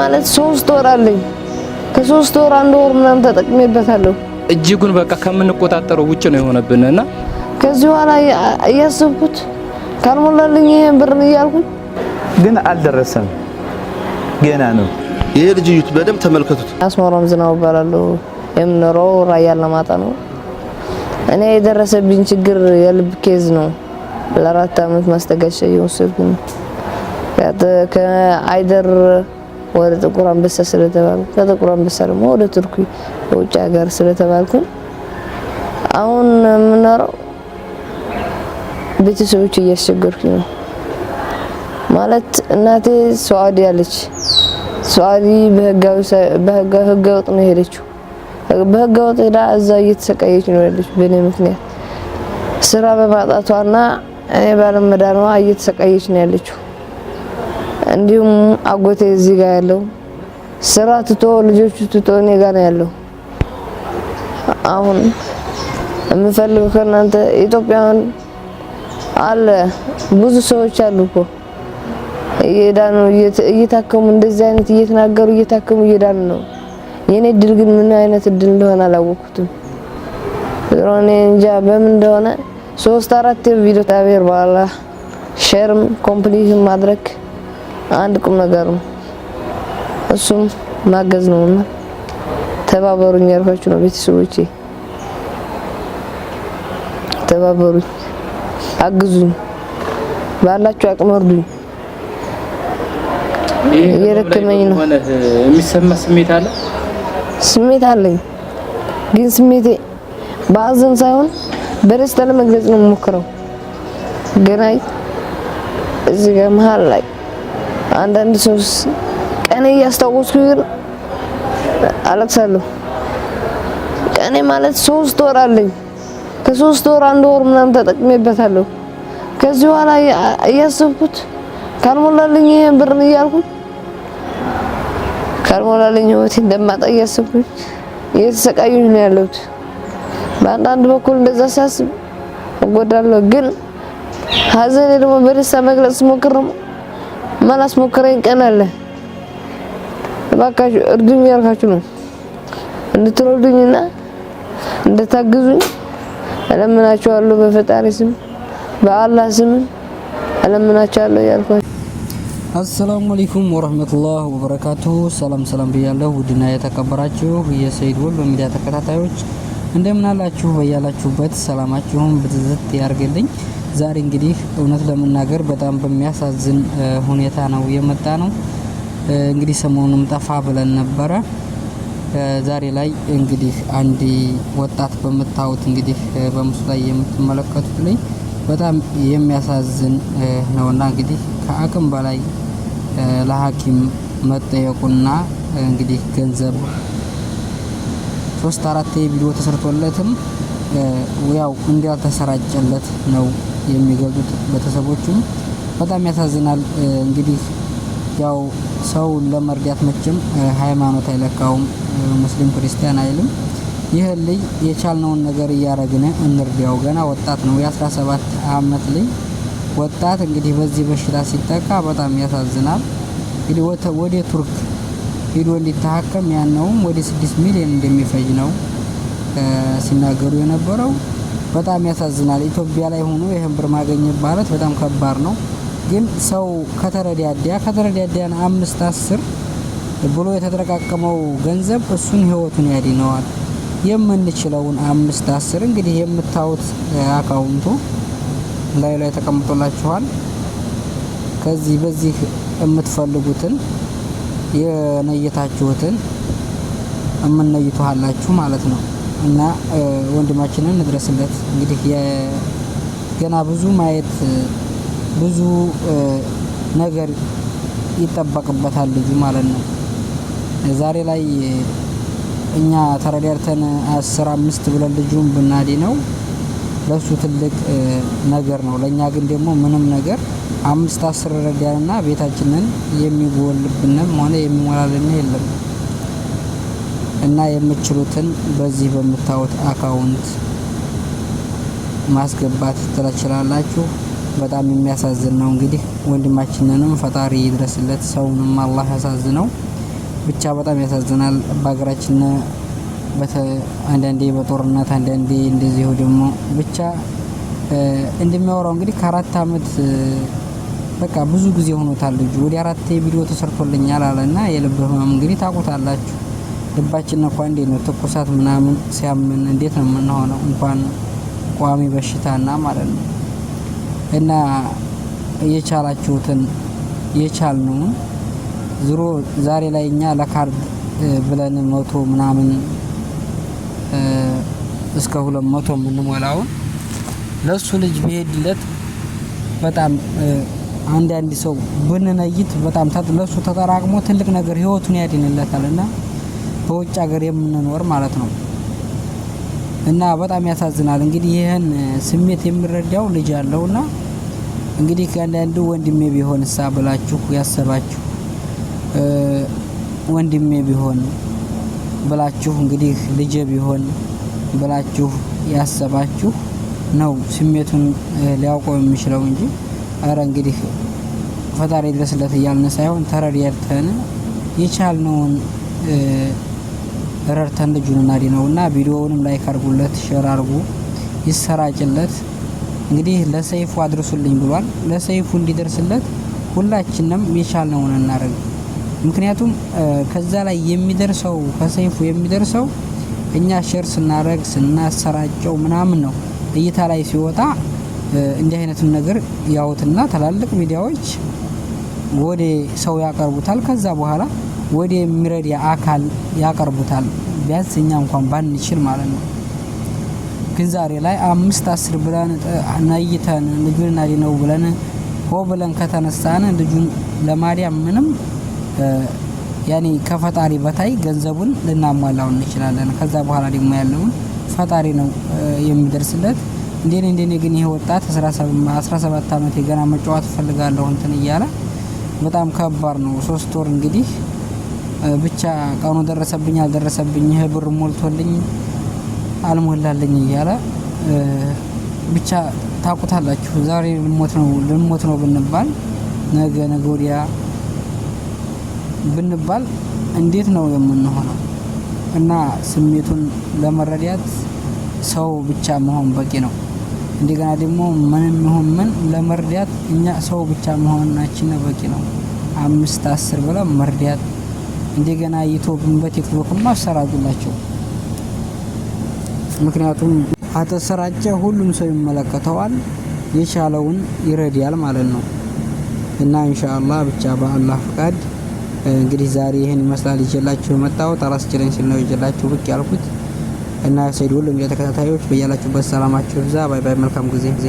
ማለት ሶስት ወር አለኝ። ከሶስት ወር አንድ ወር ምናምን ተጠቅሜበታለሁ። እጅጉን በቃ ከምንቆጣጠረው ውጭ ነው የሆነብን እና ከዚህ በኋላ እያሰብኩት ካልሞላልኝ ይሄን ብር እያልኩኝ ግን አልደረሰም። ገና ነው። ይሄ ልጅ እዩት በደምብ ተመልከቱት። አስመሮም ዝናው እባላለሁ። የምኖረው ራያ አላማጣ ነው። እኔ የደረሰብኝ ችግር የልብ ኬዝ ነው። ለአራት አመት ማስጠጋሻ እየወሰድኩ ነው ከአይደር ወደ ጥቁር አንበሳ ስለተባልኩ ከጥቁር አንበሳ ደግሞ ወደ ቱርክ በውጭ ሀገር ስለተባልኩ አሁን የምኖረው ቤተሰቦች እያስቸገርኩኝ ነው። ማለት እናቴ ሰዋዲ አለች። ሰዋዲ በህገ ወጥ ነው የሄደችው። በህገ ወጥ ሄዳ እዛ እየተሰቃየች ነው ያለች በእኔ ምክንያት ስራ በማጣቷና እኔ ባለመዳኗ እየተሰቃየች ነው ያለችው። እንዲሁም አጎቴ እዚህ ጋር ያለው ስራ ትቶ ልጆቹ ትቶ እኔ ጋር ነው ያለው። አሁን የምፈልገው ከእናንተ ኢትዮጵያን አለ ብዙ ሰዎች አሉ እኮ እየዳኑ እየታከሙ እንደዚህ አይነት እየተናገሩ እየታከሙ እየዳኑ ነው። የኔ እድል ግን ምን አይነት እድል እንደሆነ አላወቅኩትም። ዞሮ እኔ እንጃ በምን እንደሆነ ሶስት አራት ቪዲዮ ታብየር በኋላ ሼርም ኮምፕሊት ማድረግ አንድ ቁም ነገር ነው። እሱም ማገዝ ነውና ተባበሩኝ ያርፋችሁ ነው። ቤተሰቦቼ ተባበሩኝ፣ አግዙኝ፣ ባላችሁ አቅም እርዱኝ። እየደከመኝ ነው። የሚሰማ ስሜት አለ ስሜት አለኝ፣ ግን ስሜቴ በአዘን ሳይሆን በደስታ ለመግለጽ ነው የምሞክረው። ገና እዚህ ጋር መሀል ላይ አንዳንድ ሰው ቀኔ እያስታወስኩ ግን አለቅሳለሁ። ቀኔ ማለት ሶስት ወር አለኝ። ከሶስት ወር አንድ ወር ምናምን ተጠቅሜበታለሁ። ከዚህ በኋላ እያሰብኩት ካልሞላልኝ ይሄን ብርን እያልኩት ካልሞላልኝ ህይወቴ እንደማጣ እያሰብኩት እየተሰቃዩኝ ነው ያለሁት። በአንዳንድ በኩል እንደዛ ሳስብ እጎዳለሁ፣ ግን ሀዘኔ ደግሞ በደስታ መግለጽ ስሞክር መላስ ሞከረኝ ቀን አለ። እባካችሁ እርዱኝ ያልካችሁ ነው እንድትረዱኝና እንድታግዙኝ እለምናችኋለሁ። በፈጣሪ ስም በአላህ ስም እለምናችኋለሁ ያልኳችሁ። አሰላሙ አለይኩም ወረህመቱላህ ወበረካቱ። ሰላም ሰላም ብያለሁ። ውድና የተከበራችሁ የሰይድ ወል በሚዲያ ተከታታዮች እንደምን አላችሁ? በያላችሁበት ሰላማችሁን ብትዝት ያርግልኝ። ዛሬ እንግዲህ እውነት ለመናገር በጣም በሚያሳዝን ሁኔታ ነው የመጣ ነው። እንግዲህ ሰሞኑም ጠፋ ብለን ነበረ። ዛሬ ላይ እንግዲህ አንድ ወጣት በምታዩት እንግዲህ በምስሉ ላይ የምትመለከቱት ላይ በጣም የሚያሳዝን ነውና እንግዲህ ከአቅም በላይ ለሐኪም መጠየቁና እንግዲህ ገንዘብ ሶስት አራት ቪዲዮ ተሰርቶለትም ያው እንዲያልተሰራጨለት ነው የሚገልጹት ቤተሰቦቹም በጣም ያሳዝናል። እንግዲህ ያው ሰው ለመርዳት መቼም ሃይማኖት አይለካውም፣ ሙስሊም ክርስቲያን አይልም። ይህን ልጅ የቻልነውን ነገር እያረግን እንርዳው። ገና ወጣት ነው፣ የ17 አመት ልጅ ወጣት እንግዲህ በዚህ በሽታ ሲጠቃ በጣም ያሳዝናል። እንግዲህ ወደ ቱርክ ሂዶ እንዲታከም ያነውም ወደ ስድስት ሚሊዮን እንደሚፈጅ ነው ሲናገሩ የነበረው። በጣም ያሳዝናል። ኢትዮጵያ ላይ ሆኖ ይህን ብር ማገኘት ማለት በጣም ከባድ ነው። ግን ሰው ከተረዳዳ ከተረዳዳን አምስት አስር ብሎ የተጠረቃቀመው ገንዘብ እሱን ህይወቱን ያድነዋል። የምንችለውን አምስት አስር እንግዲህ የምታዩት አካውንቱ ላይ ላይ ተቀምጦላችኋል። ከዚህ በዚህ የምትፈልጉትን የነየታችሁትን የምንነይቷላችሁ ማለት ነው። እና ወንድማችንን እንድረስለት። እንግዲህ ገና ብዙ ማየት ብዙ ነገር ይጠበቅበታል ልጁ ማለት ነው። ዛሬ ላይ እኛ ተረዳርተን አስር አምስት ብለን ልጁን ብናዲ ነው ለሱ ትልቅ ነገር ነው። ለእኛ ግን ደግሞ ምንም ነገር አምስት አስር ረዳንና ቤታችንን የሚጎልብንም ሆነ የሚሞላልን የለም። እና የምትችሉትን በዚህ በምታዩት አካውንት ማስገባት ትችላላችሁ። በጣም የሚያሳዝን ነው። እንግዲህ ወንድማችንንም ፈጣሪ ይድረስለት፣ ሰውንም አላህ ያሳዝነው። ብቻ በጣም ያሳዝናል። በሀገራችን አንዳንዴ በጦርነት አንዳንዴ እንደዚሁ ደግሞ ብቻ እንደሚያወራው እንግዲህ ከአራት አመት በቃ ብዙ ጊዜ ሆኖታል ልጁ ወደ አራት ቪዲዮ ተሰርቶልኛል አለ እና የልብ ህመም እንግዲህ ታውቁታላችሁ። ልባችን እኮ እንዴት ነው ትኩሳት ምናምን ሲያምን እንዴት ነው የምንሆነው? እንኳን ቋሚ በሽታና ማለት ነው። እና እየቻላችሁትን የቻል ነው ዝሮ ዛሬ ላይ እኛ ለካርድ ብለን መቶ ምናምን እስከ ሁለት መቶ የምንሞላውን ለእሱ ልጅ ቢሄድለት በጣም አንዳንድ ሰው ብንነይት በጣም ለእሱ ተጠራቅሞ ትልቅ ነገር ህይወቱን ያድንለታል እና በውጭ ሀገር የምንኖር ማለት ነው። እና በጣም ያሳዝናል። እንግዲህ ይህን ስሜት የሚረዳው ልጅ እና እንግዲህ ከአንዳንዱ ወንድሜ ቢሆን እሳ ብላችሁ ያሰባችሁ ወንድሜ ቢሆን ብላችሁ እንግዲህ ልጄ ቢሆን ብላችሁ ያሰባችሁ ነው ስሜቱን ሊያውቀው የሚችለው እንጂ አረ እንግዲህ ፈጣሪ ድረስለት እያልን ሳይሆን ተረድተን የቻልነውን ረርተን ልጁን እና ቪዲዮውንም ላይክ አድርጉለት፣ ሼር አድርጉ፣ ይሰራጭለት። እንግዲህ ለሰይፉ አድርሱልኝ ብሏል። ለሰይፉ እንዲደርስለት ሁላችንም የቻልነውን እናደርግ። ምክንያቱም ከዛ ላይ የሚደርሰው ከሰይፉ የሚደርሰው እኛ ሼር ስናደርግ ስናሰራጨው ምናምን ነው። እይታ ላይ ሲወጣ እንዲህ አይነቱን ነገር ያውትና ትላልቅ ሚዲያዎች ወደ ሰው ያቀርቡታል። ከዛ በኋላ ወደ የሚረዳ አካል ያቀርቡታል። ቢያንስ እኛ እንኳን ባንችል ማለት ነው። ግን ዛሬ ላይ አምስት አስር ብለን ነይተን ልጁን ነው ብለን ሆ ብለን ከተነሳን ልጁን ለማዳን ምንም ያኔ ከፈጣሪ በታይ ገንዘቡን ልናሟላው እንችላለን። ከዛ በኋላ ደግሞ ያለውን ፈጣሪ ነው የሚደርስለት። እንደኔ እንደኔ ግን ይሄ ወጣት 17 ዓመት የገና መጫወት እፈልጋለሁ እንትን እያለ በጣም ከባድ ነው። ሶስት ወር እንግዲህ ብቻ ቀኑ ደረሰብኝ አልደረሰብኝ፣ ይህ ብር ሞልቶልኝ አልሞላልኝ እያለ ብቻ ታውቁታላችሁ። ዛሬ ልሞት ነው ልሞት ነው ብንባል ነገ ነገ ወዲያ ብንባል እንዴት ነው የምንሆነው? እና ስሜቱን ለመረዳት ሰው ብቻ መሆን በቂ ነው። እንደገና ደግሞ ምንም ይሁን ምን ለመርዳት እኛ ሰው ብቻ መሆናችን በቂ ነው። አምስት አስር ብለን መርዳት እንደገና ዩቱብን በቲክቶክም አሰራጉላቸው። ምክንያቱም አተሰራጨ ሁሉም ሰው ይመለከተዋል፣ የቻለውን ይረዳል ማለት ነው። እና ኢንሻአላህ ብቻ በአላህ ፍቃድ እንግዲህ ዛሬ ይህን ይመስላል ይዤላችሁ የመጣሁት አላስችለኝ ሲል ነው ይዤላችሁ ብቅ ያልኩት። እና ሰይድ ሁሉም ተከታታዮች በያላችሁበት ሰላማችሁ ብዛ። ባይ ባይ። መልካም ጊዜ ጊዜ